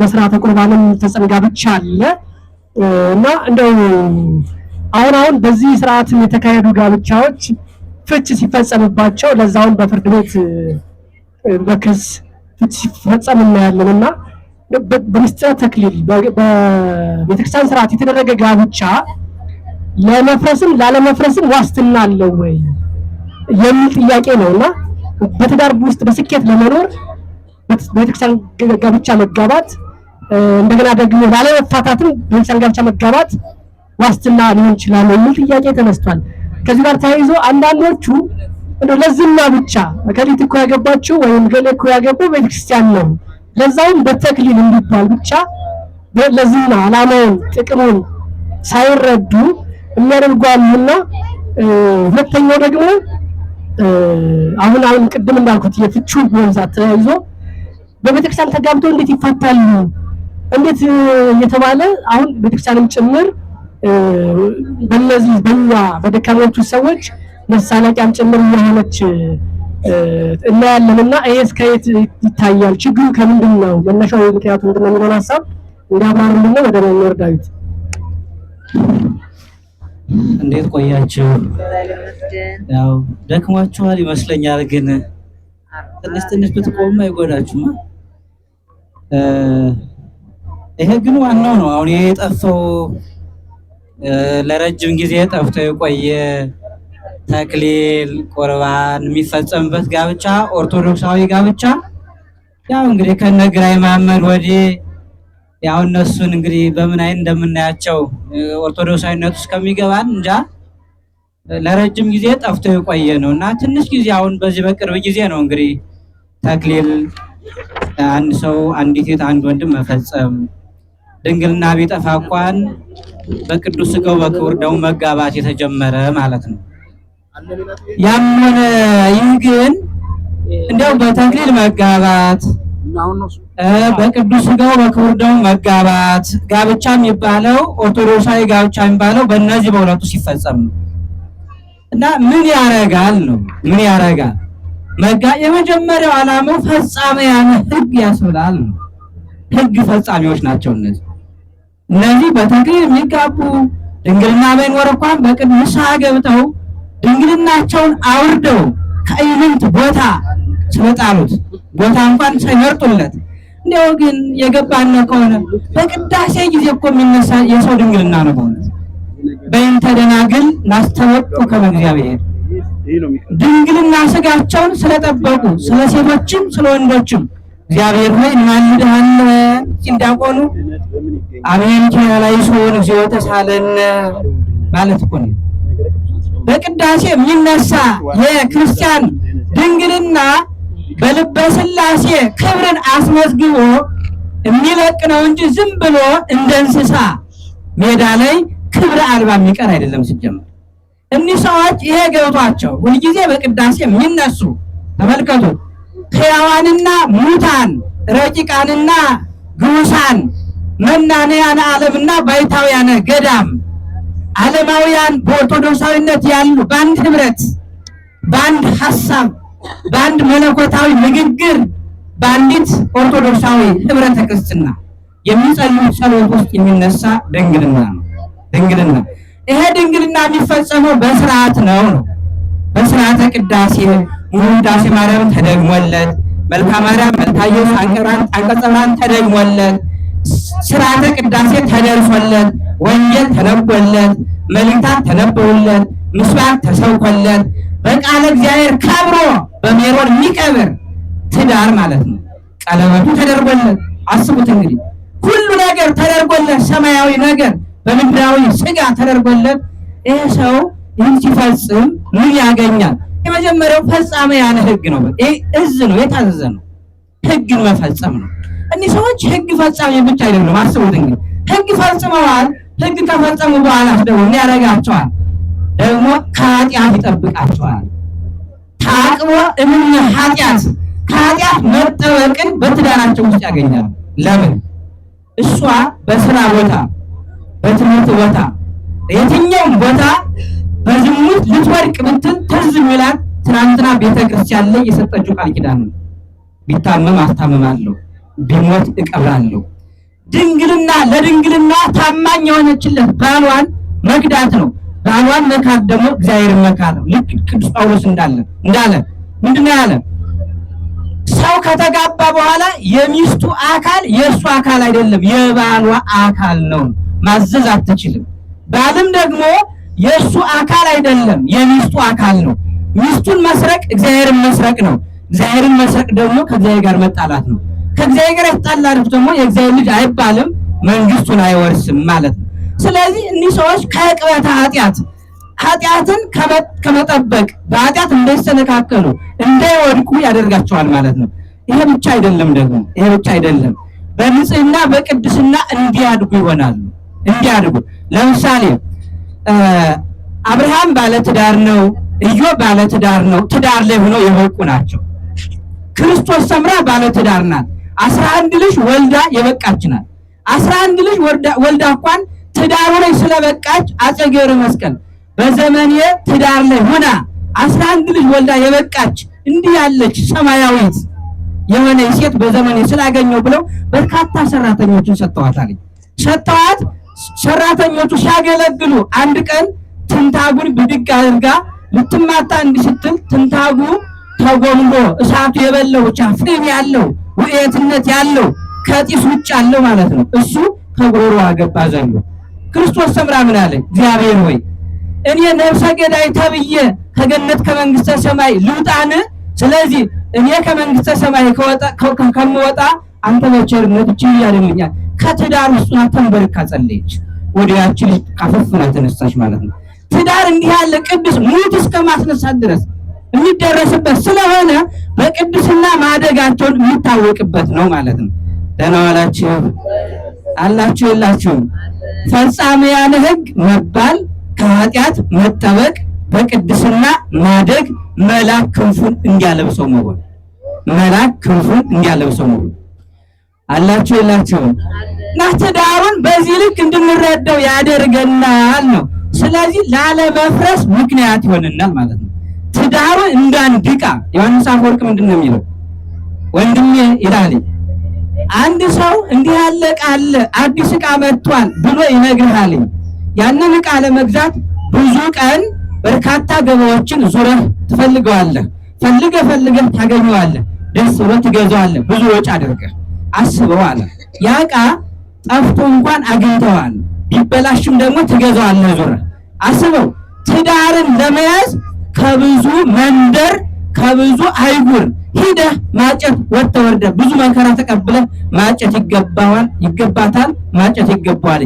በስርዓተ ቁርባንም ተጸንጋ ብቻ አለ እና እንደው አሁን አሁን በዚህ ስርዓት የተካሄዱ ጋብቻዎች ፍች ሲፈጸምባቸው ለዛውን በፍርድ ቤት በክስ ፍች ሲፈጸም እናያለን እና በምስጢረ ተክሊል በቤተክርስቲያን ስርዓት የተደረገ ጋብቻ ለመፍረስም ላለመፍረስም ዋስትና አለው ወይ የሚል ጥያቄ ነው እና በትዳር ውስጥ በስኬት ለመኖር ቤተክርስቲያን ጋብቻ መጋባት እንደገና ደግሞ ባለመፋታትም ጋብቻ መጋባት ዋስትና ሊሆን ይችላል የሚል ጥያቄ ተነስቷል። ከዚህ ጋር ተያይዞ አንዳንዶቹ ለዝና ብቻ እከሊት እኮ ያገባችው ወይም ገሌ እኮ ያገባው ቤተክርስቲያን ነው፣ ለዛውም በተክሊል እንዲባል ብቻ ለዝና ዓላማውን ጥቅሙን ሳይረዱ የሚያደርጓሉና ሁለተኛው ደግሞ አሁን አሁን ቅድም እንዳልኩት የፍቹ በብዛት ተያይዞ በቤተክርስቲያን ተጋብተው እንዴት ይፋታሉ እንዴት እየተባለ አሁን ቤተክርስቲያንም ጭምር በነዚህ በኛ በደካሞቹ ሰዎች መሳለቂያም ጭምር እየሆነች እናያለንና ይሄ ከየት ይታያል? ችግሩ ከምንድን ነው? መነሻው ምክንያቱ ምንድን ነው የሚለውን ሀሳብ እንዲያብራሩልን ነው። ወደ መምህር ዳዊት እንዴት ቆያችሁ? ያው ደክሟችኋል ይመስለኛል፣ ግን ትንሽ ትንሽ ብትቆሙ አይጎዳችሁም? ይሄ ግን ዋናው ነው። አሁን ይሄ የጠፋው ለረጅም ጊዜ ጠፍቶ የቆየ ተክሊል ቁርባን የሚፈጸምበት ጋብቻ ኦርቶዶክሳዊ ጋብቻ ያው እንግዲህ ከነ ግራኝ መሐመድ ወዲህ ያው እነሱን እንግዲህ በምን አይነት እንደምናያቸው ኦርቶዶክሳዊነት ውስጥ ከሚገባን እንጃ ለረጅም ጊዜ ጠፍቶ የቆየ ነው እና ትንሽ ጊዜ አሁን በዚህ በቅርብ ጊዜ ነው እንግዲህ ተክሊል አንድ ሰው አንዲት ሴት አንድ ወንድም መፈጸም ድንግልና ቢጠፋ እንኳን በቅዱስ ሥጋው በክቡር ደሙ መጋባት የተጀመረ ማለት ነው። ያም ሆነ ይህ ግን እንዲያው በተክሊል መጋባት በቅዱስ ሥጋው በክቡር ደሙ መጋባት ጋብቻ የሚባለው ኦርቶዶክሳዊ ጋብቻ የሚባለው በእነዚህ በሁለቱ ሲፈጸም ነው እና ምን ያረጋል ነው ምን ያረጋል መጋ የመጀመሪያው ዓላማው ፈጻሚያነ ህግ ያስብላል። ህግ ፈጻሚዎች ናቸው እነዚህ እነዚህ በተክሊል የሚጋቡ ድንግልና ባይኖር እንኳን በቅድ ንስሐ ገብተው ድንግልናቸውን አውርደው ከእምንት ቦታ ስለጣሉት ቦታ እንኳን ሳይመርጡለት እንዲያው ግን የገባነ ከሆነ በቅዳሴ ጊዜ እኮ የሚነሳ የሰው ድንግልና ነው። በእውነት በእንተ ደናግል ናስተወጡ ድንግልና ስጋቸውን ስለጠበቁ ስለ ሴቶችም ስለ ወንዶችም እግዚአብሔር ሆይ እናንድሃን ሲንዳቆኑ አሜን ኪና ላይ ሲሆን እግዚኦ ተሳለን ማለት እኮ ነው። በቅዳሴ የሚነሳ የክርስቲያን ድንግልና በልበ ክብርን አስመዝግቦ የሚለቅ ነው እንጂ ዝም ብሎ እንደ እንስሳ ሜዳ ላይ ክብረ አልባ የሚቀር አይደለም ሲጀምር እኒህ ሰዎች ይሄ ገብቷቸው ሁልጊዜ በቅዳሴ የሚነሱ ተመልከቱ፣ ሕያዋንና ሙታን፣ ረቂቃንና ግዑሳን፣ መናንያነ ዓለምና ባይታውያነ ገዳም፣ ዓለማውያን በኦርቶዶክሳዊነት ያሉ በአንድ ህብረት፣ በአንድ ሀሳብ፣ በአንድ መለኮታዊ ንግግር፣ በአንዲት ኦርቶዶክሳዊ ህብረተ ክርስትና የሚጸልዩ ጸሎት ውስጥ የሚነሳ ድንግልና ነው። ድንግልና ይሄ ድንግልና የሚፈጸመው በስርዓት ነው ነው በስርዓተ ቅዳሴ ሙሉ ቅዳሴ ማርያም ተደግሞለት፣ መልካ ማርያም፣ መልታየ ኢየሱስ፣ አንቀጸ ተደግሞለት፣ ስርዓተ ቅዳሴ ተደርሶለት፣ ወንጌል ተነቦለት፣ መልእክታት ተነበውለት፣ ምስባክ ተሰብኮለት፣ በቃለ እግዚአብሔር ከብሮ በሜሮን የሚቀብር ትዳር ማለት ነው። ቀለበቱ ተደርጎለት፣ አስቡት እንግዲህ ሁሉ ነገር ተደርጎለት፣ ሰማያዊ ነገር በምድራዊ ስጋ ተደርጎለት ይህ ሰው ይህን ሲፈጽም ምን ያገኛል? የመጀመሪያው ፈጻሜ ያነ ህግ ነው። እዝ ነው፣ የታዘዘ ነው፣ ህግን መፈጸም ነው። እኒህ ሰዎች ህግ ፈጻሚ ብቻ አይደሉም። አስቡት እንግዲህ ህግ ፈጽመዋል። ህግ ከፈጸሙ በኋላ ደግሞ ምን ያደርጋቸዋል? ደግሞ ከኃጢአት ይጠብቃቸዋል። ታቅቦ እምነ ኃጢአት ከኃጢአት መጠበቅን በትዳራቸው ውስጥ ያገኛል። ለምን እሷ በስራ ቦታ በትምህርት ቦታ የትኛውም ቦታ በዝሙት ልትወድቅ ብትል ትዝ የሚላት ትናንትና ቤተክርስቲያን ላይ የሰጠችው ቃል ኪዳን ነው። ቢታመም አስታምማለሁ፣ ቢሞት እቀብራለሁ። ድንግልና ለድንግልና ታማኝ የሆነችለት ባሏን መክዳት ነው። ባሏን መካት ደግሞ እግዚአብሔር መካት ነው። ልክ ቅዱስ ጳውሎስ እንዳለ እንዳለ ምንድነው ያለ ሰው ከተጋባ በኋላ የሚስቱ አካል የእሱ አካል አይደለም፣ የባሏ አካል ነው። ማዘዝ አትችልም። ባልም ደግሞ የእሱ አካል አይደለም፣ የሚስቱ አካል ነው። ሚስቱን መስረቅ እግዚአብሔርን መስረቅ ነው። እግዚአብሔርን መስረቅ ደግሞ ከእግዚአብሔር ጋር መጣላት ነው። ከእግዚአብሔር ጋር የተጣላ ደግሞ የእግዚአብሔር ልጅ አይባልም፣ መንግስቱን አይወርስም ማለት ነው። ስለዚህ እኒህ ሰዎች ከቅበተ ኃጢአት ኃጢአትን ከመጠበቅ በኃጢአት እንዳይሰነካከሉ እንዳይወድቁ ያደርጋቸዋል ማለት ነው። ይሄ ብቻ አይደለም ደግሞ ይሄ ብቻ አይደለም፣ በንጽህና በቅድስና እንዲያድጉ ይሆናሉ። እንዲያድጉ። ለምሳሌ አብርሃም ባለትዳር ነው፣ ባለ ባለትዳር ነው። ትዳር ላይ ሆነው የበቁ ናቸው። ክርስቶስ ሰምራ ባለትዳር ናት። አስራ አንድ ልጅ ወልዳ የበቃች ናት። አስራ አንድ ልጅ ወልዳ እንኳን ትዳሩ ላይ ስለበቃች አፄ ገብረ መስቀል በዘመኔ ትዳር ላይ ሆና አስራ አንድ ልጅ ወልዳ የበቃች እንዲህ ያለች ሰማያዊት የሆነ ሴት በዘመኔ ስላገኘው ብለው በርካታ ሰራተኞችን አለኝ ሰጥተዋት ሰራተኞቹ ሲያገለግሉ አንድ ቀን ትንታጉን ብድግ አድርጋ ልትማታ እንዲህ ስትል ትንታጉ ተጎንጎ እሳቱ የበለው ጫፍም ያለው ውኤትነት ያለው ከጢስ ውጭ አለው ማለት ነው። እሱ ከጎሮ አገባ ዘሎ ክርስቶስ ሰምራ ምን አለ? እግዚአብሔር ሆይ እኔ ነፍሰ ገዳይ ተብዬ ከገነት ከመንግስተ ሰማይ ልውጣን? ስለዚህ እኔ ከመንግስተ ሰማይ ከምወጣ አንተ በቸርነት እችን እያደልኛል ከትዳር ውስጥ ተንበርካ ጸለየች። ወዲያችን ካፈፍና ተነሳች ማለት ነው። ትዳር እንዲህ ያለ ቅዱስ ሙት እስከ ማስነሳት ድረስ የሚደረስበት ስለሆነ በቅዱስና ማደጋቸውን የሚታወቅበት ነው ማለት ነው። ደህና ዋላችሁ አላችሁ የላችሁም? ፈጻሚያን ሕግ መባል ከኃጢአት መጠበቅ በቅድስና ማደግ መልአክ ክንፉን እንዲያለብሰው መሆን መልአክ ክንፉን እንዲያለብሰው መሆን አላችሁ የላችሁም? እና ትዳሩን በዚህ ልክ እንድንረዳው ያደርገናል ነው። ስለዚህ ላለመፍረስ ምክንያት ይሆንናል ማለት ነው። ትዳሩ እንዳንድቃ ዮሐንስ አፈወርቅ ምንድን ነው የሚለው? ወንድሜ ይላል አንድ ሰው እንዲህ ያለ ቃለ አዲስ ዕቃ መጥቷል ብሎ ይነግርሃል። ያንን ዕቃ ለመግዛት ብዙ ቀን በርካታ ገበያዎችን ዙረህ ትፈልገዋለህ። ፈልገ ፈልገህ ታገኘዋለህ። ደስ ብሎ ትገዛዋለህ ብዙ ወጪ አድርገህ አስበዋል። ያ ዕቃ ጠፍቶ እንኳን አግኝተዋል፣ ቢበላሽም ደግሞ ትገዛዋለህ ዙረህ አስበው። ትዳርን ለመያዝ ከብዙ መንደር ከብዙ አይጉር ሂደህ ማጨት ወጥተህ ወርደህ ብዙ መከራ ተቀብለህ ማጨት ይገባዋል ይገባታል ማጨት ይገባዋል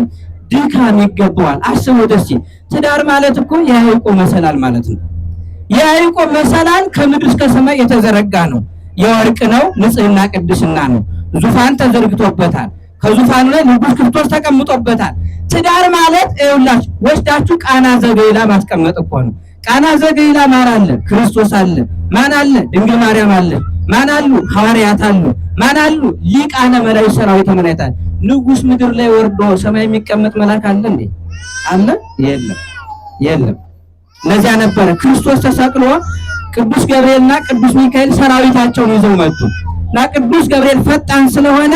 ድካም ይገባዋል። አስበው ደስ ትዳር ማለት እኮ የአይቆ መሰላል ማለት ነው። የአይቆ መሰላል ከምድር እስከ ሰማይ የተዘረጋ ነው። የወርቅ ነው፣ ንጽህና ቅድስና ነው። ዙፋን ተዘርግቶበታል። ከዙፋኑ ላይ ንጉስ ክርስቶስ ተቀምጦበታል። ትዳር ማለት ይኸውላችሁ ወስዳችሁ ቃና ዘገሊላ ማስቀመጥ እኮ ነው። ቃና ዘገሊላ ማን አለ? ክርስቶስ አለ። ማን አለ? ድንግል ማርያም አለ። ማን አሉ? ሐዋርያት አሉ። ማን አሉ? ሊቃነ መላእክት ሰራዊተ መላእክት። ንጉስ ምድር ላይ ወርዶ ሰማይ የሚቀመጥ መልአክ አለ እንዴ? አለ? የለም፣ የለም። ለዚያ ነበረ ክርስቶስ ተሰቅሎ ቅዱስ ገብርኤልና ቅዱስ ሚካኤል ሰራዊታቸውን ይዘው መጡ። እና ቅዱስ ገብርኤል ፈጣን ስለሆነ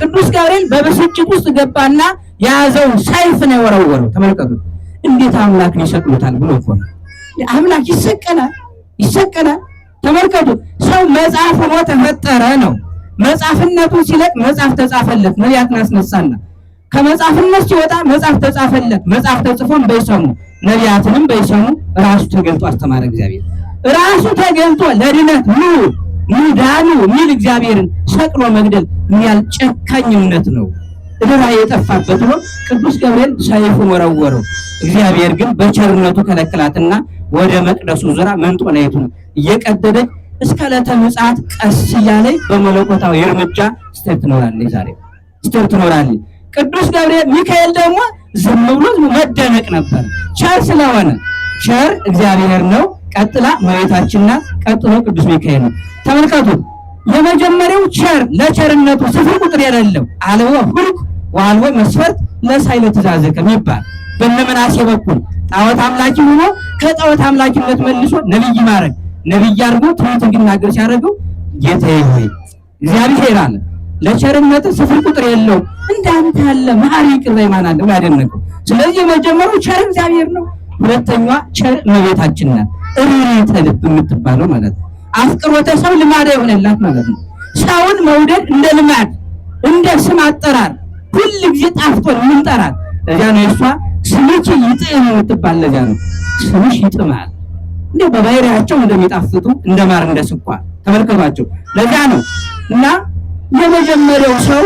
ቅዱስ ገብርኤል በብስጭት ውስጥ ገባና የያዘውን ሰይፍ ነው የወረወረው። ተመልከቱ እንዴት አምላክን ይሰቅሉታል ብሎ እኮ ነው። አምላክ ይሰቀላል፣ ይሰቀላል። ተመልከቱ ሰው መጽሐፍ ሆኖ ተፈጠረ ነው። መጽሐፍነቱን ሲለቅ መጽሐፍ ተጻፈለት፣ ነቢያትን አስነሳና ከመጽሐፍነት ሲወጣ መጽሐፍ ተጻፈለት። መጽሐፍ ተጽፎን በይሰሙ ነቢያትንም በይሰሙ ራሱ ተገልጦ አስተማረ። እግዚአብሔር ራሱ ተገልጦ ለድነት ኑ ምንዳኑ ሚል እግዚአብሔርን ሰቅሎ መግደል የሚያል ጨካኝነት ነው። እደራ የጠፋበት ነው። ቅዱስ ገብርኤል ሰይፉን ወረወረው። እግዚአብሔር ግን በቸርነቱ ከለክላትና ወደ መቅደሱ ዙራ መንጦላይቱን እየቀደደች እስከ ዕለተ ምጽአት ቀስ እያለች በመለኮታዊ እርምጃ ስትሄድ ትኖራለች። ዛሬ ስትሄድ ትኖራለች። ቅዱስ ገብርኤል ሚካኤል ደግሞ ዝም ብሎ መደነቅ ነበር። ቸር ስለሆነ ቸር እግዚአብሔር ነው። ቀጥላ እመቤታችንና ቀጥሎ ቅዱስ ሚካኤል ነው። ተመልከቱ። የመጀመሪያው ቸር ለቸርነቱ ስፍር ቁጥር የሌለው አለወ ሁልክ ዋልወ መስፈርት ለሳይለ ተዛዘቀ ይባል በነመናሴ በኩል ጣዖት አምላኪ ሆኖ ከጣዖት አምላኪነት መልሶ ነብይ ማድረግ ነብይ አድርጎ ትሁት እንዲናገር ሲያደርገው ጌታዬ ሆይ እግዚአብሔር አለ ለቸርነት ስፍር ቁጥር የለው እንዳንተ ያለ መሐሪ ቅርባ አለ ያደነቀው። ስለዚህ የመጀመሪያው ቸር እግዚአብሔር ነው። ሁለተኛዋ ቸር እመቤታችን ናት። ልብ የምትባለው ማለት ነው። አፍቅሮተ ሰው ልማድ የሆነላት ማለት ነው። ሰውን መውደድ እንደ ልማድ እንደ ስም አጠራር ሁል ጊዜ ጣፍቶን የምንጠራት ለዚያ ነው። የእሷ ስምች ይጥም የምትባል ለዚያ ነው። ስምሽ ይጥማል በባህሪያቸው እንደሚጣፍጡ እንደ ማር እንደ ተመልከቷቸው። ለዚያ ነው እና የመጀመሪያው ሰው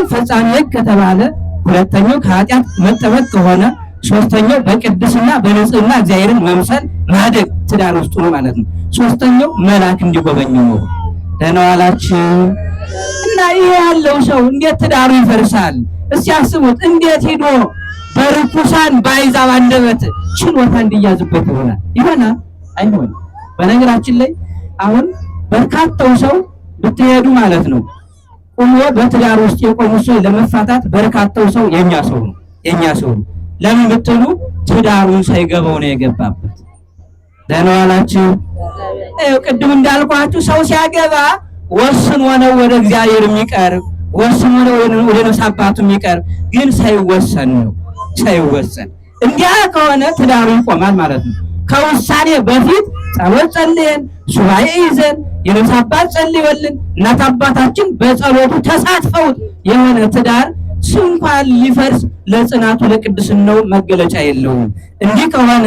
ከተባለ፣ ሁለተኛው ከኃጢአት መጠበቅ ከሆነ፣ ሶስተኛው በቅድስና በንጽህና እግዚአብሔርን መምሰል ማደግ ትዳር ውስጥ ነው ማለት ነው። ሶስተኛው መልአክ እንዲጎበኙ ነው። ደህና ዋላችሁ እና ይሄ ያለው ሰው እንዴት ትዳሩ ይፈርሳል? እስኪ አስቡት። እንዴት ሄዶ በርኩሳን በአሕዛብ አንደበት ችሎታ እንዲያዝበት ይሆናል ይሆናል? አይሆን? በነገራችን ላይ አሁን በርካታው ሰው ብትሄዱ ማለት ነው ቁሞ በትዳር ውስጥ የቆሙ ሰው ለመፋታት በርካታው ሰው የኛ ሰው ነው የኛ ሰው ነው። ለምን ብትሉ ትዳሩን ሳይገባው ነው የገባበት። ደህና ዋላችሁ። ቅድም እንዳልኳችሁ ሰው ሲያገባ ወስኖ ነው ወደ እግዚአብሔር የሚቀርብ ወስኖ ነው ወደ ነፍስ አባቱ የሚቀርብ ግን ሳይወሰን ነው ሳይወሰን እንዲያ ከሆነ ትዳሩ ይቆማል ማለት ነው። ከውሳኔ በፊት ጸሎት ጸልየን ሱባኤ ይዘን የነፍስ አባት ጸልዮልን እናት አባታችን በጸሎቱ ተሳትፈውት የሆነ ትዳር ስንኳን ሊፈርስ ለጽናቱ ለቅድስናው መገለጫ የለውም። እንዲህ ከሆነ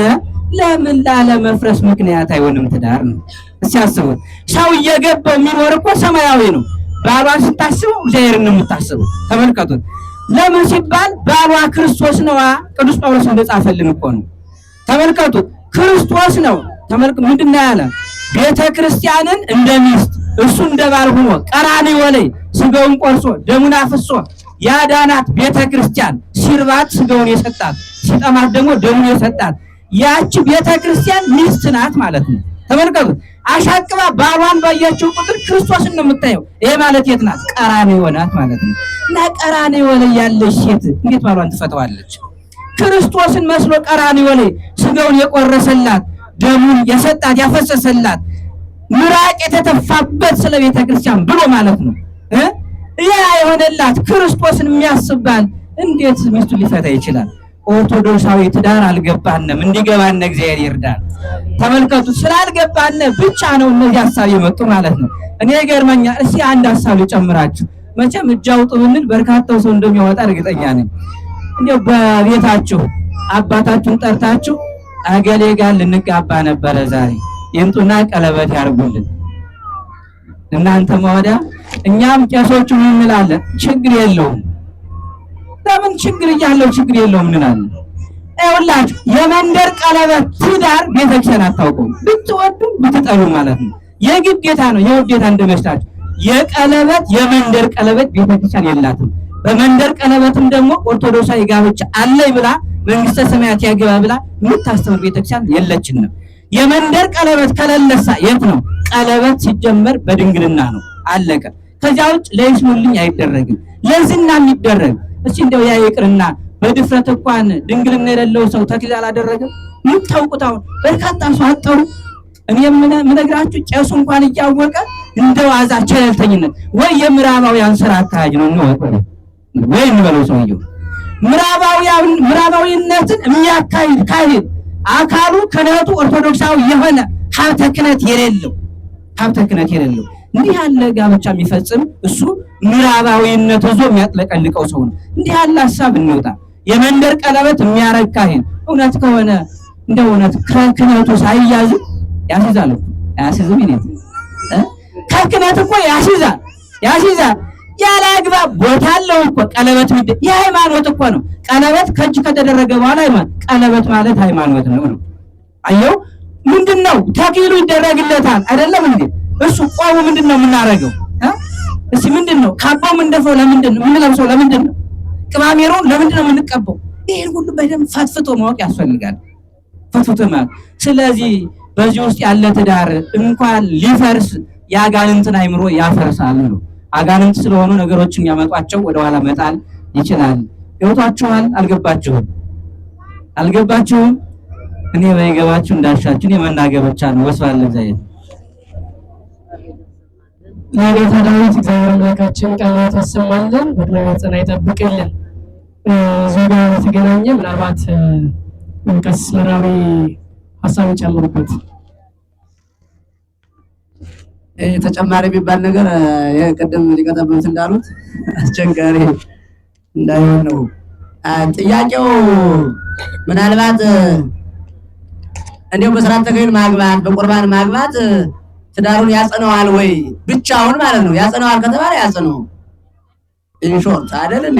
ለምን ላለመፍረስ ምክንያት አይሆንም? ትዳር ነው። እስኪ አስቡት። ሰው እየገባው የሚኖር እኮ ሰማያዊ ነው። ባሏን ስታስቡ እግዚአብሔርን ነው ተመልከቱት። ለምን ሲባል ባሏ ክርስቶስ ነዋ። ቅዱስ ጳውሎስ እንደጻፈልን እኮ ነው። ተመልከቱ፣ ክርስቶስ ነው። ተመልከ ምንድን ነው ያለ? ቤተ ክርስቲያንን እንደ ሚስት እሱ እንደ ባል ሆኖ ቀራንዮ ላይ ስጋውን ቆርሶ ደሙን አፍሶ ያዳናት ቤተ ክርስቲያን ሲርባት ስጋውን የሰጣት ሲጠማት ደግሞ ደሙን የሰጣት ያቺ ቤተ ክርስቲያን ሚስት ናት ማለት ነው። ተመልከቱ። አሻቅባ ባሏን ባያቸው ቁጥር ክርስቶስን ነው የምታየው። ይሄ ማለት የት ናት? ቀራንዮ ናት ማለት ነው። እና ቀራንዮ ላይ ያለች ሴት እንዴት ባሏን ትፈተዋለች? ክርስቶስን መስሎ ቀራንዮ ላይ ስጋውን የቆረሰላት ደሙን የሰጣት ያፈሰሰላት ምራቅ የተተፋበት ስለ ቤተ ክርስቲያን ብሎ ማለት ነው። ያ የሆነላት ክርስቶስን የሚያስባል እንዴት ሚስቱን ሊፈታ ይችላል? ኦርቶዶክሳዊ ትዳር አልገባንም። እንዲገባን እግዚአብሔር ይርዳል። ተመልከቱ፣ ስላልገባን ብቻ ነው እነዚህ ሀሳብ የመጡ ማለት ነው። እኔ ገርመኛ። እስኪ አንድ ሀሳብ ልጨምራችሁ። መቼም እጅ አውጡ ብንል በርካታው ሰው እንደሚያወጣ እርግጠኛ ነኝ። እንዲያው በቤታችሁ አባታችሁን ጠርታችሁ አገሌ ጋር ልንጋባ ነበረ ዛሬ ይምጡና ቀለበት ያርጉልን እናንተ ማወዳ እኛም ቄሶቹ እንላለን ችግር የለውም ለምን ችግር እያለው ችግር የለውም እንላለን። ይኸውላችሁ የመንደር ቀለበት ትዳር ቤተክርስቲያን አታውቀውም፣ ብትወዱ ብትጠሉ ማለት ነው። የግዴታ ነው የውዴታ እንደመሽታችሁ የቀለበት የመንደር ቀለበት ቤተክርስቲያን የላትም። በመንደር ቀለበትም ደግሞ ኦርቶዶክሳዊ ጋብቻ አለኝ ብላ መንግስተ ሰማያት ያገባ ብላ የምታስተምር ቤተክርስቲያን የለችንም። የመንደር ቀለበት ከለለሳ የት ነው? ቀለበት ሲጀመር በድንግልና ነው፣ አለቀ። ከዚያ ውጭ ለይስሙልኝ አይደረግም። ለዝና የሚደረግ እስኪ እንደው ያ ይቅርና በድፍረት እንኳን ድንግልና የሌለው ሰው ተክሊል አላደረገም። ምን ታውቁት አሁን በርካታ ሰው አጠሩ። እኔ የምነግራችሁ ቄሱ እንኳን እያወቀ እንደ ዋዛ ቸለልተኝነት ወይ የምዕራባውያን ስራ አካሄድ ነው ነው ወይ እንበለው ሰውየው ምዕራባውያን ምዕራባዊነትን የሚያካሂድ ካሂድ አካሉ ክህነቱ ኦርቶዶክሳዊ የሆነ ሀብተ ክህነት የሌለው ሀብተ ክህነት የሌለው እንዲህ ያለ ጋብቻ የሚፈጽም እሱ ምዕራባዊነት ይዞ የሚያጥለቀልቀው ሰው ነው። እንዲህ ያለ ሀሳብ እንውጣ። የመንደር ቀለበት የሚያረካ ይሄን እውነት ከሆነ እንደ እውነት ከክነቱ ሳይያዝ ያስይዛል። አያስይዝም? ይነት ከክነት እኮ ያስይዛል፣ ያስይዛል ያለ አግባብ ቦታ አለው እኮ ቀለበት ምድ የሃይማኖት እኮ ነው። ቀለበት ከእጅ ከተደረገ በኋላ ቀለበት ማለት ሃይማኖት ነው ነው። አየው ምንድን ነው ተኪሉ ይደረግለታል አይደለም እንዴ? እሱ ቆሙ ምንድን ነው የምናደርገው? እስቲ ምንድን ነው ካባው ምንደፈው? ለምንድን ነው የምንለብሰው? ለምንድን ነው ቅባሜሮን ለምንድን ነው የምንቀበው? ይህን ሁሉ በደንብ ፈትፍቶ ማወቅ ያስፈልጋል። ፈትፍቶ ማወቅ። ስለዚህ በዚህ ውስጥ ያለ ትዳር እንኳን ሊፈርስ የአጋንንትን አይምሮ ያፈርሳል ነው። አጋንንት ስለሆኑ ነገሮችን ያመጧቸው ወደኋላ መጣል ይችላል። ይወቷችኋል። አልገባችሁም? አልገባችሁም? እኔ በይገባችሁ እንዳሻችሁ እኔ መናገር ብቻ ነው። ወስባለ ለእግዚአብሔር። ለቤተ ዳዊት እግዚአብሔር አምላካችን ቀናት ያሰማልን፣ በድናዊ ጽና ይጠብቅልን። እዚህ ጋር በተገናኘ ምናልባት ቀሲስ መራዊ ሀሳብ ይጨምሩበት። ተጨማሪ የሚባል ነገር የቅድም ሊቀጠበት እንዳሉት አስቸጋሪ እንዳይሆን ነው ጥያቄው። ምናልባት እንዲሁ በስርዓተ ተክሊል ማግባት፣ በቁርባን ማግባት ትዳሩን ያጸነዋል ወይ? ብቻውን ማለት ነው። ያጸነዋል ከተባለ ያጸነው ኢንሾርት አይደል እንዴ?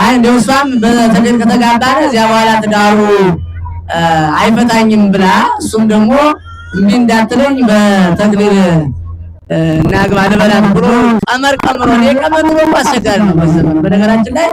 አይ እንደው እሷም በተገድ ከተጋባነ እዚያ በኋላ ትዳሩ አይፈታኝም ብላ እሱም ደግሞ እንዲህ እንዳትለኝ በተክሊል እናግባ ልበላት ብሎ ቀመር ቀምሮ ነው። ቀመር ብሎ አስቸጋሪ ነው በዘመን በነገራችን ላይ